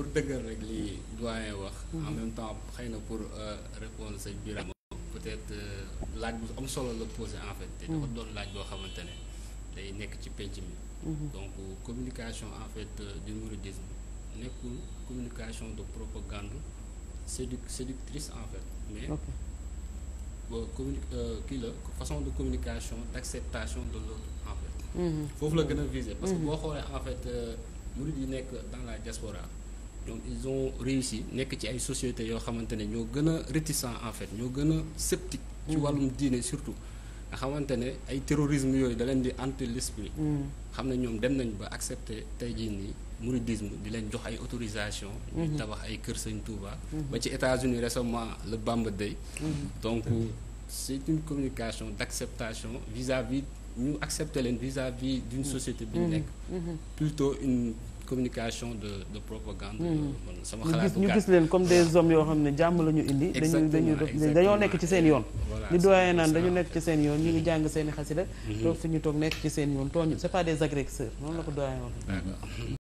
pour dëggal rek li doyen wax. Mhm. en même temps xëy na pour euh, répondre sëñ Birama peut-être euh, laaj bu am solo la posé en fait. dafa mhm. doon laaj boo xamante ne day nekk ci penc mi. Mhm. donc communication en fait euh, du mouridisme nekkul communication de propagande sédu séductrice en fait. mais communi kii la façon de communication d'acceptation de l'autre en foofu la gën a viser parce que boo xoolee en fait murid nekk dans la diaspora. ñoom ils réussi nekk ci ay société yoo xamante ne ñoo gën a réticent en fait ñoo gën a sceptique ci mm. wàllum diine surtout nga xamante ne ay terrorisme yooyu da leen di hanter l'esprit mm. xam ne ñoom dem nañu ba accepter tey jii nii mouridisme di leen jox ay autorisation ñu mm-hmm. tabax ay kër Sëñ Touba mm-hmm. ba ci États-Unis récemment le Bamba Day mm-hmm. donc c'est une communication d'acceptation vis-à-vis ñu accepter leen vis-à-vis d'une mm. société bi ñu mm-hmm. nekk mm-hmm. plutôt une communication de de propagande mm-hmm. sama xalaat bu gàtt ñu gis leen comme des hommes yoo xam ne jàmm la ñu indi dañu dañu dañoo nekk ci seen yoon li doyee naan dañu nekk ci seen yoon ñu ngi jàng seen i xasida toog ñu toog nekk ci seen yoon tooñu c'est pas des agresseurs noonu la ko doyee woon